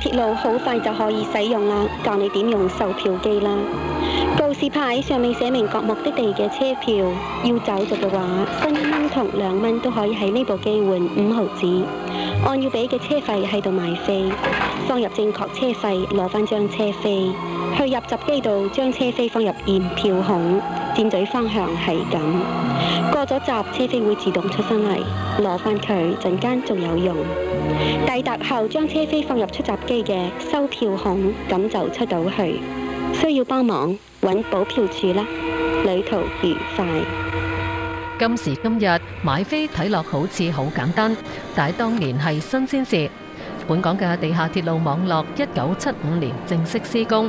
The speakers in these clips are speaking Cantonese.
鐵路好快就可以使用啦，教你點用售票機啦。告示牌上面寫明各目的地嘅車票，要走咗嘅話，新一蚊同兩蚊都可以喺呢部機換五毫子。按要俾嘅車費喺度買飛，放入正確車費，攞翻張車飛。去入閘機度將車飛放入驗票孔，箭嘴方向係咁。過咗閘，車飛會自動出身嚟，攞翻佢陣間仲有用。抵達後，將車飛放入出閘機嘅收票孔，咁就出到去。需要幫忙搵補票處啦。旅途愉快。今時今日買飛睇落好似好簡單，但當年係新鮮事。本港嘅地下鐵路網絡一九七五年正式施工。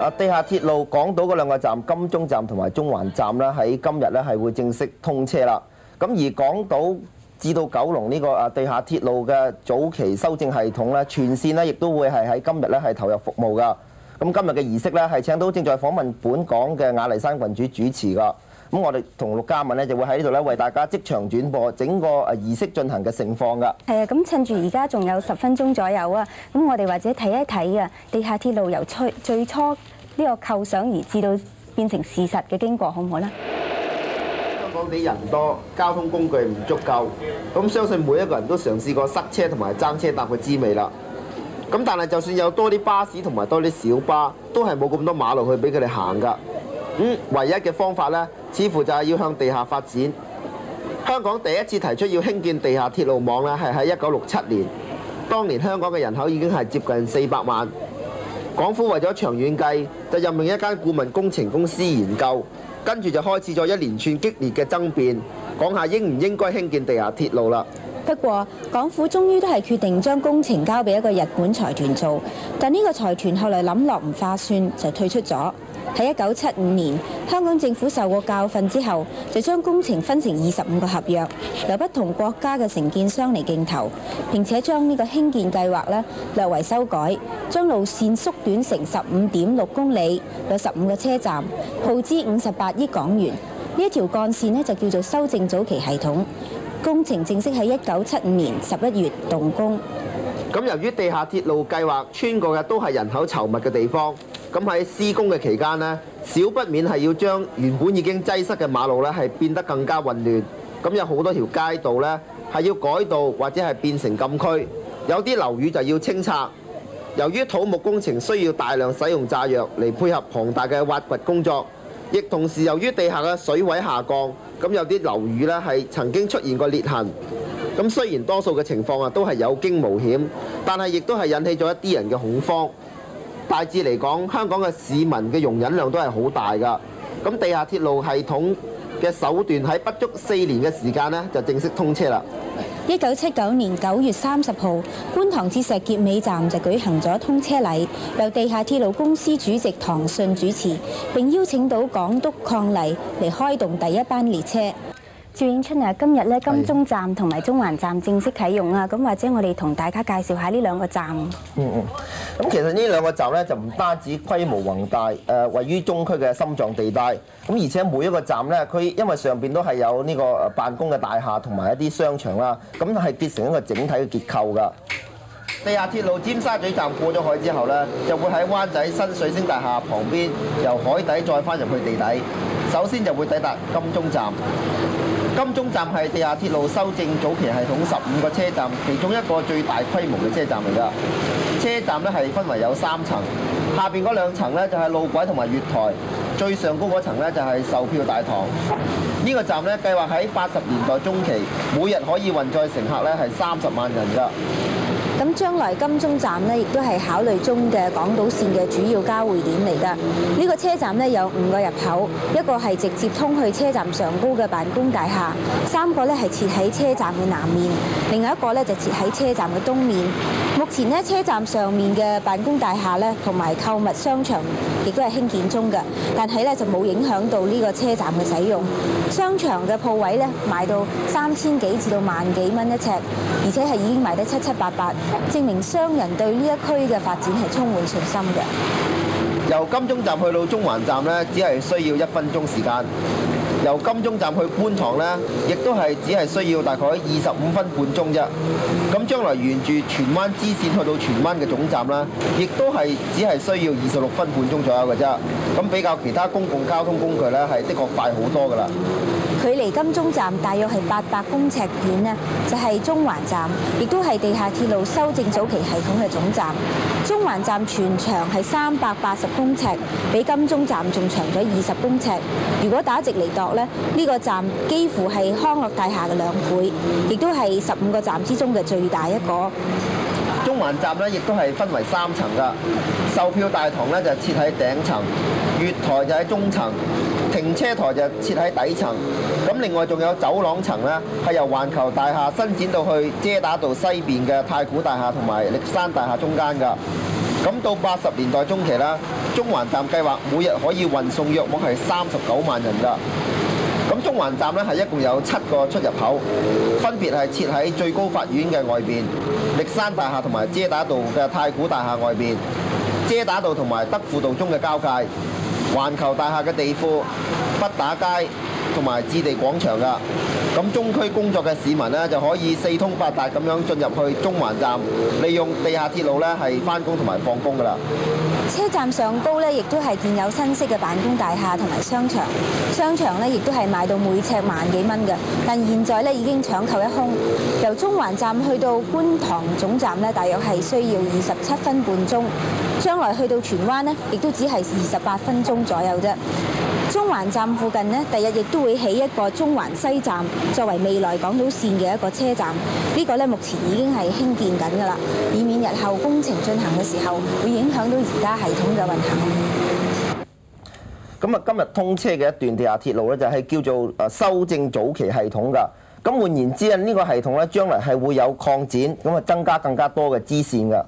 啊！地下鐵路港島嗰兩個站，金鐘站同埋中環站咧，喺今日咧係會正式通車啦。咁而港島至到九龍呢個啊地下鐵路嘅早期修正系統咧，全線咧亦都會係喺今日咧係投入服務噶。咁今日嘅儀式咧，係請到正在訪問本港嘅雅麗珊郡主主持噶。咁我哋同陸家敏咧就會喺呢度咧為大家即場轉播整個誒儀式進行嘅盛況㗎。係啊，咁趁住而家仲有十分鐘左右啊，咁我哋或者睇一睇啊，地下鐵路由初最初呢個構想而至到變成事實嘅經過，好唔好呢？香港地人多，交通工具唔足夠，咁相信每一個人都嘗試過塞車同埋爭車搭嘅滋味啦。咁但係就算有多啲巴士同埋多啲小巴，都係冇咁多馬路去俾佢哋行㗎。嗯，唯一嘅方法呢，似乎就係要向地下發展。香港第一次提出要興建地下鐵路網呢，係喺一九六七年。當年香港嘅人口已經係接近四百萬，港府為咗長遠計，就任命一間顧問工程公司研究，跟住就開始咗一連串激烈嘅爭辯，講下應唔應該興建地下鐵路啦。不過，港府終於都係決定將工程交俾一個日本財團做，但呢個財團後來諗落唔劃算，就退出咗。喺一九七五年，香港政府受過教訓之後，就將工程分成二十五個合約，由不同國家嘅承建商嚟競投，並且將呢個興建計劃呢略為修改，將路線縮短成十五點六公里，有十五個車站，耗資五十八億港元。呢一條幹線呢，就叫做修正早期系統。工程正式喺一九七五年十一月動工。咁由於地下鐵路計劃穿過嘅都係人口稠密嘅地方，咁喺施工嘅期間呢，少不免係要將原本已經擠塞嘅馬路呢，係變得更加混亂，咁有好多條街道呢，係要改道或者係變成禁區，有啲樓宇就要清拆。由於土木工程需要大量使用炸藥嚟配合龐大嘅挖掘工作。亦同時，由於地下嘅水位下降，咁有啲樓宇呢係曾經出現過裂痕。咁雖然多數嘅情況啊都係有驚無險，但係亦都係引起咗一啲人嘅恐慌。大致嚟講，香港嘅市民嘅容忍量都係好大㗎。咁地下鐵路系統嘅首段喺不足四年嘅時間呢就正式通車啦。一九七九年九月三十號，觀塘至石硤尾站就舉行咗通車禮，由地下鐵路公司主席唐信主持，並邀請到港督伉儷嚟開動第一班列車。主演演出啊！今日咧，金鐘站同埋中環站正式啟用啊！咁的或者我哋同大家介紹下呢兩個站。嗯嗯。咁、嗯、其實呢兩個站咧就唔單止規模宏大，誒、呃、位於中區嘅心臟地帶。咁而且每一個站咧，佢因為上邊都係有呢個辦公嘅大廈同埋一啲商場啦。咁係結成一個整體嘅結構㗎。地下鐵路尖沙咀站過咗海之後呢，就會喺灣仔新水星大廈旁邊，由海底再翻入去地底。首先就會抵達金鐘站。金鐘站係地下鐵路修正早期系統十五個車站，其中一個最大規模嘅車站嚟㗎。車站咧係分為有三層，下邊嗰兩層咧就係路軌同埋月台，最上高嗰層咧就係售票大堂。呢個站咧計劃喺八十年代中期，每日可以運載乘客咧係三十萬人㗎。咁將來金鐘站呢，亦都係考慮中嘅港島線嘅主要交匯點嚟㗎。呢個車站呢，有五個入口，一個係直接通去車站上高嘅辦公大廈，三個呢係設喺車站嘅南面，另外一個呢就設喺車站嘅東面。目前呢，車站上面嘅辦公大廈呢，同埋購物商場亦都係興建中嘅，但係呢就冇影響到呢個車站嘅使用。商場嘅鋪位咧賣到三千幾至到萬幾蚊一尺，而且係已經賣得七七八八，證明商人對呢一區嘅發展係充滿信心嘅。由金鐘站去到中環站咧，只係需要一分鐘時間。由金鐘站去觀塘咧，亦都係只係需要大概二十五分半鐘啫。咁將來沿住荃灣支綫去到荃灣嘅總站啦，亦都係只係需要二十六分半鐘左右嘅啫。咁比較其他公共交通工具咧，係的確快好多噶啦。距離金鐘站大約係八百公尺遠呢，就係中環站，亦都係地下鐵路修正早期系統嘅總站。中環站全長係三百八十公尺，比金鐘站仲長咗二十公尺。如果打直嚟度呢，呢個站幾乎係康樂大廈嘅兩倍，亦都係十五個站之中嘅最大一個。中環站呢亦都係分為三層㗎，售票大堂呢就設喺頂層，月台就喺中層。停車台就設喺底層，咁另外仲有走廊層呢係由環球大廈伸展到去遮打道西邊嘅太古大廈同埋歷山大廈中間㗎。咁到八十年代中期啦，中環站計劃每日可以運送約莫係三十九萬人㗎。咁中環站呢，係一共有七個出入口，分別係設喺最高法院嘅外邊、歷山大廈同埋遮打道嘅太古大廈外邊、遮打道同埋德輔道中嘅交界。環球大廈嘅地庫、北打街同埋置地廣場噶，咁中區工作嘅市民呢，就可以四通八達咁樣進入去中環站，利用地下鐵路呢係翻工同埋放工噶啦。車站上高呢，亦都係建有新式嘅辦公大廈同埋商場，商場呢，亦都係賣到每尺萬幾蚊嘅，但現在呢，已經搶購一空。由中環站去到觀塘總站呢，大約係需要二十七分半鐘。將來去到荃灣呢，亦都只係二十八分鐘左右啫。中環站附近呢，第日亦都會起一個中環西站，作為未來港島線嘅一個車站。呢個呢，目前已經係興建緊㗎喇，以免日後工程進行嘅時候會影響到而家系統嘅運行。咁啊，今日通車嘅一段地下鐵路呢，就係叫做誒修正早期系統㗎。咁換言之咧，呢個系統呢，將來係會有擴展，咁啊增加更加多嘅支線㗎。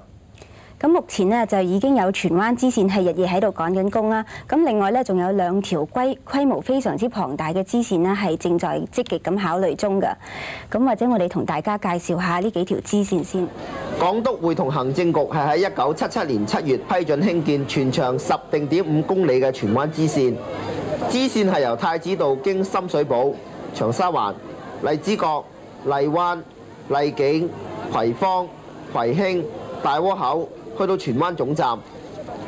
咁目前呢，就已經有荃灣支線係日夜喺度趕緊工啦、啊。咁另外呢，仲有兩條規規模非常之龐大嘅支線呢，係正在積極咁考慮中㗎。咁或者我哋同大家介紹一下呢幾條支線先。港督會同行政局係喺一九七七年七月批准興建全長十定點五公里嘅荃灣支線，支線係由太子道經深水埗、長沙灣、荔枝角、荔灣、荔景、葵芳、葵興、大窩口，去到荃灣總站，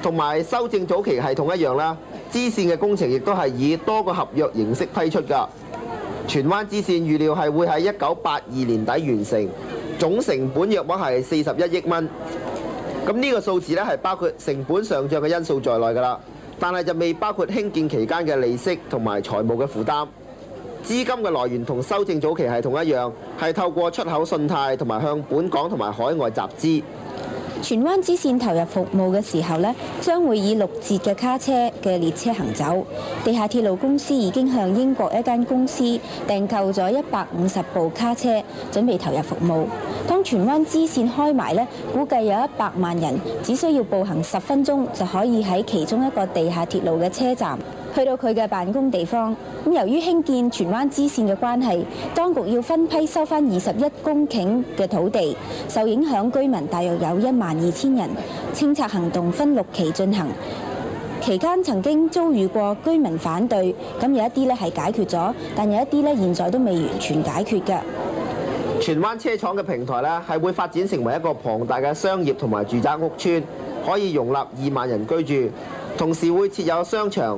同埋修正早期系統一樣啦。支線嘅工程亦都係以多個合約形式批出㗎。荃灣支線預料係會喺一九八二年底完成，總成本約莫係四十一億蚊。咁呢個數字呢，係包括成本上漲嘅因素在內㗎啦，但係就未包括興建期間嘅利息同埋財務嘅負擔。資金嘅來源同修正早期係同一樣，係透過出口信貸同埋向本港同埋海外集資。荃灣支線投入服務嘅時候呢，將會以六節嘅卡車嘅列車行走。地下鐵路公司已經向英國一間公司訂購咗一百五十部卡車，準備投入服務。當荃灣支線開埋呢，估計有一百萬人只需要步行十分鐘就可以喺其中一個地下鐵路嘅車站。去到佢嘅辦公地方咁，由於興建荃灣支線嘅關係，當局要分批收翻二十一公頃嘅土地，受影響居民大約有一萬二千人。清拆行動分六期進行，期間曾經遭遇過居民反對，咁有一啲咧係解決咗，但有一啲咧現在都未完全解決嘅。荃灣車廠嘅平台咧，係會發展成為一個龐大嘅商業同埋住宅屋村，可以容納二萬人居住，同時會設有商場。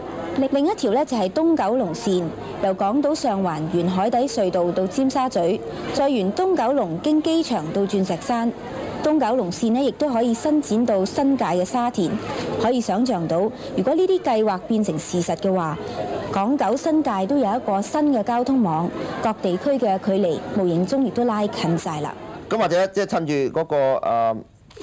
另一條呢就係、是、東九龍線，由港島上環沿海底隧道到尖沙咀，再沿東九龍經機場到鑽石山。東九龍線呢亦都可以伸展到新界嘅沙田。可以想像到，如果呢啲計劃變成事實嘅話，港九新界都有一個新嘅交通網，各地區嘅距離無形中亦都拉近晒啦。咁或者即係、就是、趁住嗰、那個、呃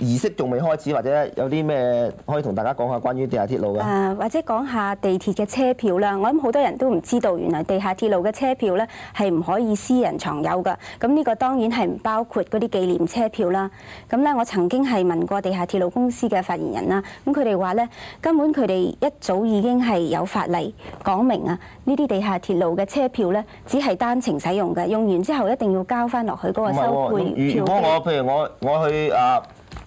儀式仲未開始，或者有啲咩可以同大家講下關於地下鐵路嘅、啊、或者講下地鐵嘅車票啦。我諗好多人都唔知道，原來地下鐵路嘅車票呢係唔可以私人藏有嘅。咁呢個當然係唔包括嗰啲紀念車票啦。咁呢，我曾經係問過地下鐵路公司嘅發言人啦。咁佢哋話呢，根本佢哋一早已經係有法例講明啊。呢啲地下鐵路嘅車票呢，只係單程使用嘅，用完之後一定要交翻落去嗰個收費。啊、如果我譬如我我去啊。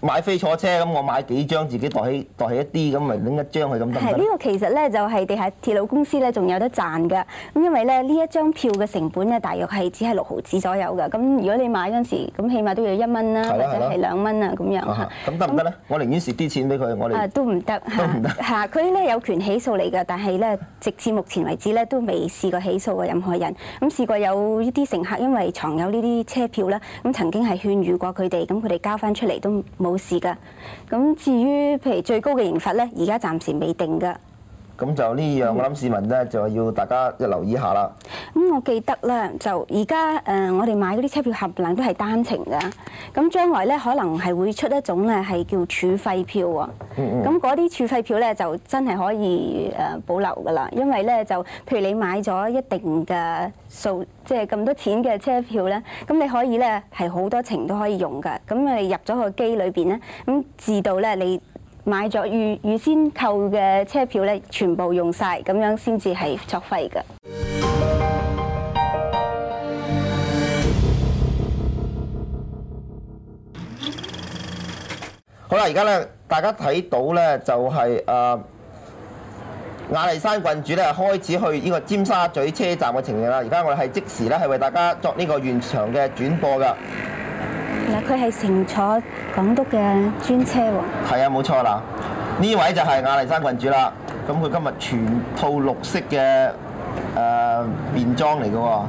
買飛坐車咁，我買幾張自己代起代起一啲咁，咪拎一張去咁得唔得？係呢個其實咧，就係、是、地下鐵路公司咧，仲有得賺噶。咁因為咧呢這一張票嘅成本咧，大約係只係六毫子左右噶。咁如果你買嗰陣時候，咁起碼都要一蚊啦，的或者係兩蚊啊咁的、啊、樣嚇。咁得唔得咧？行行呢那我寧願蝕啲錢俾佢，我哋、啊、都唔得嚇。佢咧有權起訴你㗎，但係咧 直至目前為止咧都未試過起訴過任何人。咁試過有一啲乘客因為藏有呢啲車票啦，咁曾經係勸喻過佢哋，咁佢哋交翻出嚟都冇。冇事噶，咁至於譬如最高嘅刑罰咧，而家暫時未定噶。咁就呢樣，我諗市民咧就要大家一留意一下啦。咁我記得咧，就而家誒我哋買嗰啲車票，合唔合都係單程噶。咁將來咧，可能係會出一種咧，係叫儲費票喎。咁嗰啲儲費票咧，就真係可以誒保留噶啦。因為咧，就譬如你買咗一定嘅數，即係咁多錢嘅車票咧，咁你可以咧係好多程都可以用噶。咁你入咗個機裏邊咧，咁至到咧你。買咗預預先購嘅車票呢，全部用晒，咁樣先至係作廢嘅。好啦，而家呢，大家睇到呢，就係誒雅麗珊郡主呢開始去呢個尖沙咀車站嘅情形啦。而家我哋係即時呢，係為大家作呢個現場嘅轉播噶。嗱，佢係乘坐港督嘅專車喎、哦。係啊，冇錯啦。呢位就係雅麗珊郡主啦。咁佢今日全套綠色嘅誒、呃、便裝嚟嘅喎。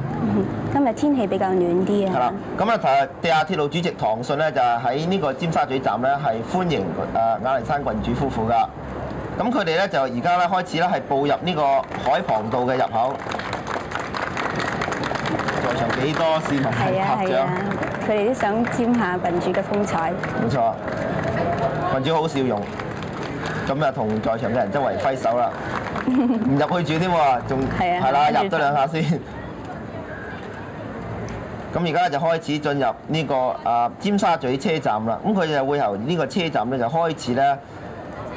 今日天，天氣比較暖啲啊。係啦。咁啊，地下鐵路主席唐信呢，就係喺呢個尖沙咀站呢，係歡迎誒雅麗珊郡主夫婦噶。咁佢哋呢，就而家咧開始呢，係步入呢個海旁道嘅入口。在場幾多市民係拍掌？帳佢哋都想沾下郡主嘅風采，冇錯，郡主好笑容，咁啊同在場嘅人周圍揮手啦，唔入去住添喎，仲係呀？係啦，入咗兩下先，咁而家就開始進入呢個啊尖沙咀車站啦，咁佢就會由呢個車站咧就開始咧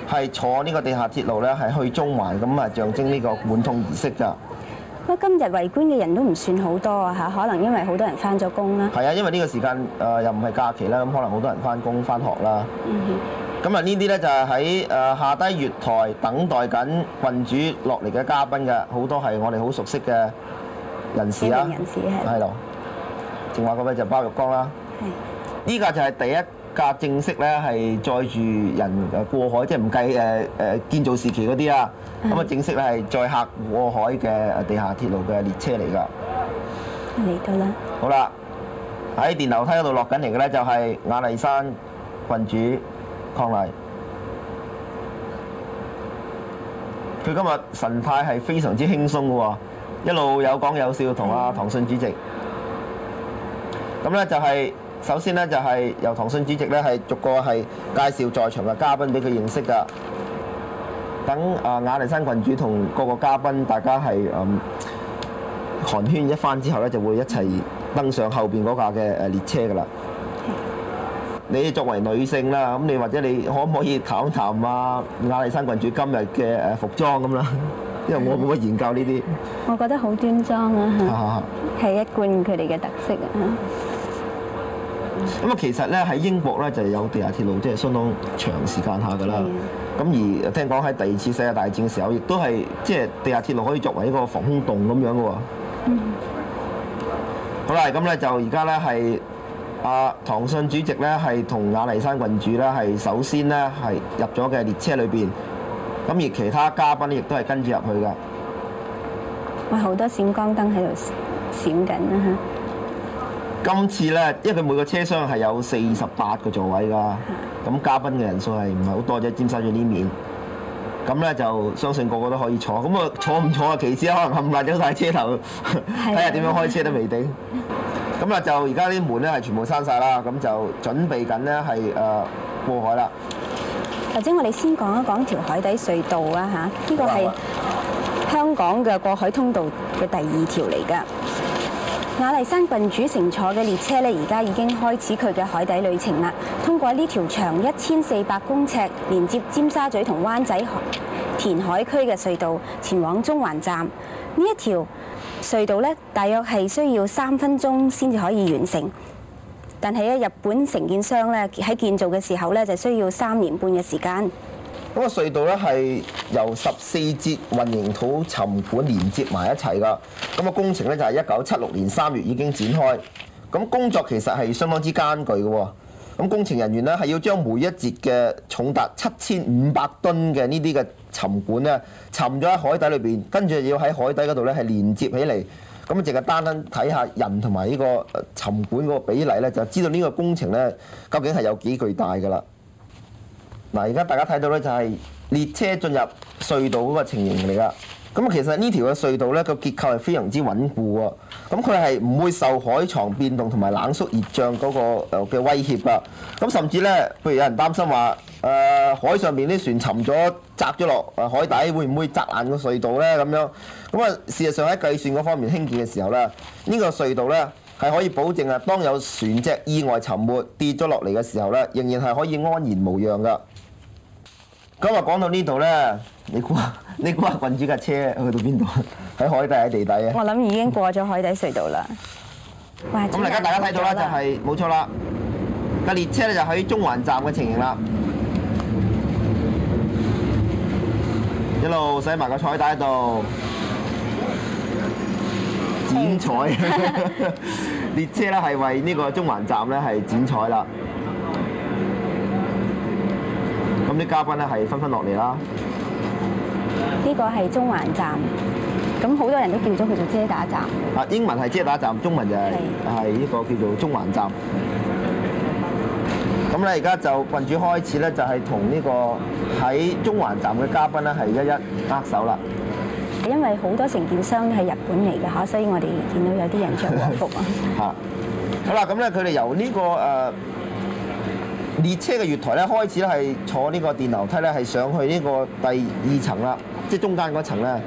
係坐呢個地下鐵路咧係去中環，咁啊象徵呢個貫通儀式㗎。乜今日圍觀嘅人都唔算好多啊嚇，可能因為好多人翻咗工啦。係啊，因為呢個時間誒又唔係假期啦，咁可能好多人翻工翻學啦。嗯。咁啊，呢啲咧就係喺誒下低月台等待緊郡主落嚟嘅嘉賓嘅，好多係我哋好熟悉嘅人士啊。知名人士係。係咯。正話嗰位就包玉剛啦。係。依個就係第一。架正式咧係載住人過海，即係唔計誒誒建造時期嗰啲啊。咁啊的，正式係載客過海嘅地下鐵路嘅列車嚟㗎。嚟到啦！好啦，喺電樓梯嗰度落緊嚟嘅咧，就係雅麗珊郡主伉儷。佢今日神態係非常之輕鬆嘅喎，一路有講有笑同阿唐信主席。咁咧的就係、是。首先呢，就係由唐信主席咧係逐個係介紹在場嘅嘉賓俾佢認識噶。等啊雅麗珊郡主同各個嘉賓大家係嗯寒暄一番之後咧，就會一齊登上後邊嗰架嘅誒列車噶啦。你作為女性啦，咁你或者你可唔可以談談啊雅麗珊郡主今日嘅誒服裝咁啦？因為我冇乜研究呢啲。我覺得好端莊啊，係一貫佢哋嘅特色啊。咁啊，其實咧喺英國咧就有地下鐵路，即係相當長時間下噶啦。咁的而聽講喺第二次世界大戰嘅時候，亦都係即係地下鐵路可以作為一個防空洞咁樣嘅喎。嗯。好啦，咁咧就而家咧係阿唐信主席咧係同雅麗珊郡主咧係首先咧係入咗嘅列車裏邊。咁而其他嘉賓咧亦都係跟住入去噶。哇！好多閃光燈喺度閃，閃緊啊！今次咧，因為佢每個車廂係有四十八個座位㗎，咁的嘉賓嘅人數係唔係好多啫，佔晒咗啲面。咁咧就相信個個都可以坐，咁啊坐唔坐啊？其次可能冚埋咗晒車頭，睇下點樣開車都未定。咁啊的就而家啲門咧係全部閂晒啦，咁就準備緊咧係誒過海啦。或者我哋先講一講條海底隧道啊嚇，呢吧個係香港嘅過海通道嘅第二條嚟㗎。雅麗珊郡主乘坐嘅列車咧，而家已經開始佢嘅海底旅程啦。通過呢條長一千四百公尺連接尖沙咀同灣仔填海區嘅隧道，前往中環站。呢一條隧道咧，大約係需要三分鐘先至可以完成。但係咧，日本承建商咧喺建造嘅時候咧，就需要三年半嘅時間。咁個隧道咧係由十四節運營土沉管連接埋一齊㗎。咁個工程咧就係一九七六年三月已經展開。咁工作其實係相當之艱巨嘅喎。咁工程人員咧係要將每一節嘅重達七千五百噸嘅呢啲嘅沉管咧沉咗喺海底裏邊，跟住要喺海底嗰度咧係連接起嚟。咁啊，淨係單單睇下人同埋呢個沉管嗰個比例咧，就知道呢個工程咧究竟係有幾巨大㗎啦。嗱，而家大家睇到咧，就係列車進入隧道嗰個情形嚟㗎。咁其實呢條嘅隧道咧，個結構係非常之穩固喎。咁佢係唔會受海床變動同埋冷縮熱漲嗰個嘅威脅噶。咁甚至咧，譬如有人擔心話，誒海上面啲船沉咗，砸咗落海底，會唔會砸爛個隧道咧？咁樣咁啊，事實上喺計算嗰方面興建嘅時候咧，呢個隧道咧係可以保證啊，當有船隻意外沉沒跌咗落嚟嘅時候咧，仍然係可以安然無恙噶。咁日講到呢度咧，你估下，你估下，郡主架車去到邊度？喺海底喺地底啊？我諗已經過咗海底隧道啦。咁而家大家睇到啦，了就係、是、冇錯啦。架列車咧就喺中環站嘅情形啦，一路洗埋個彩帶喺度剪彩。列車咧係為呢個中環站咧係剪彩啦。咁啲嘉賓咧係紛紛落嚟啦。呢個係中環站，咁好多人都叫咗佢做遮打站。啊，英文係遮打站，中文就係、係、呢係個叫做中環站。咁咧，而家就郡主開始咧，就係同呢個喺中環站嘅嘉賓咧，係一一握手啦。因為好多承建商都係日本嚟嘅嚇，所以我哋見到有啲人着和服啊。 好啦，咁咧佢哋由呢、這個誒。呃列車嘅月台咧，開始係坐呢個電樓梯咧，係上去呢個第二層啦，即係中間嗰層咧，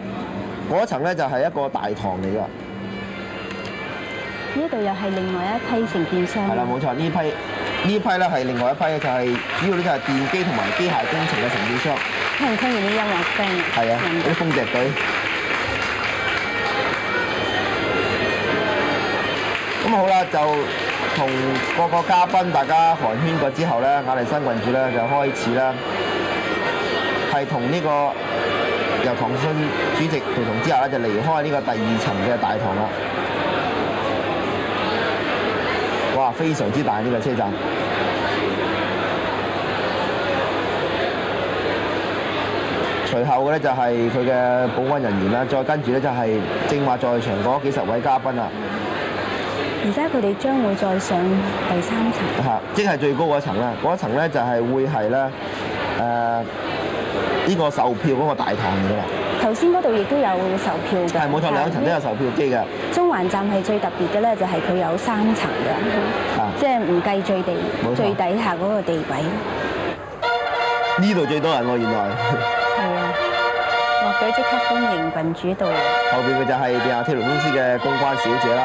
嗰層咧就係一個大堂嚟嘅。呢度又係另外一批承建商。係啦，冇錯，呢批呢批咧係另外一批，就係主要呢，就係電機同埋機械工程嘅承建商。聽唔聽見呢啲音樂聲？係啊的，啲白風笛隊。咁好啦，就。同個個嘉賓大家寒暄過之後呢，雅麗珊郡主呢就開始啦，係同呢個由唐順主席陪同之下呢就離開呢個第二層嘅大堂啦。哇！非常之大呢個車站。隨後嘅呢就係佢嘅保安人員啦，再跟住呢就係正話在場嗰幾十位嘉賓啊。而家佢哋將會再上第三層，嚇，即係最高嗰層啦。嗰一層咧就係會係咧誒呢個售票嗰個大堂噶啦。頭先嗰度亦都有售票嘅，係冇錯，兩層都有售票機嘅。中環站係最特別嘅咧，就係佢有三層嘅，即係唔計最地最底下嗰個地底。呢度最多人喎，原來。係 啊，樂隊即刻歡迎郡主到。後邊佢就係地下鐵路公司嘅公關小姐啦。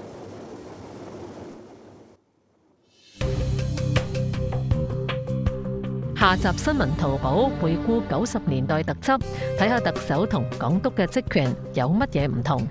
下集新聞淘寶回顧九十年代特輯，睇下特首同港督嘅職權有乜嘢唔同。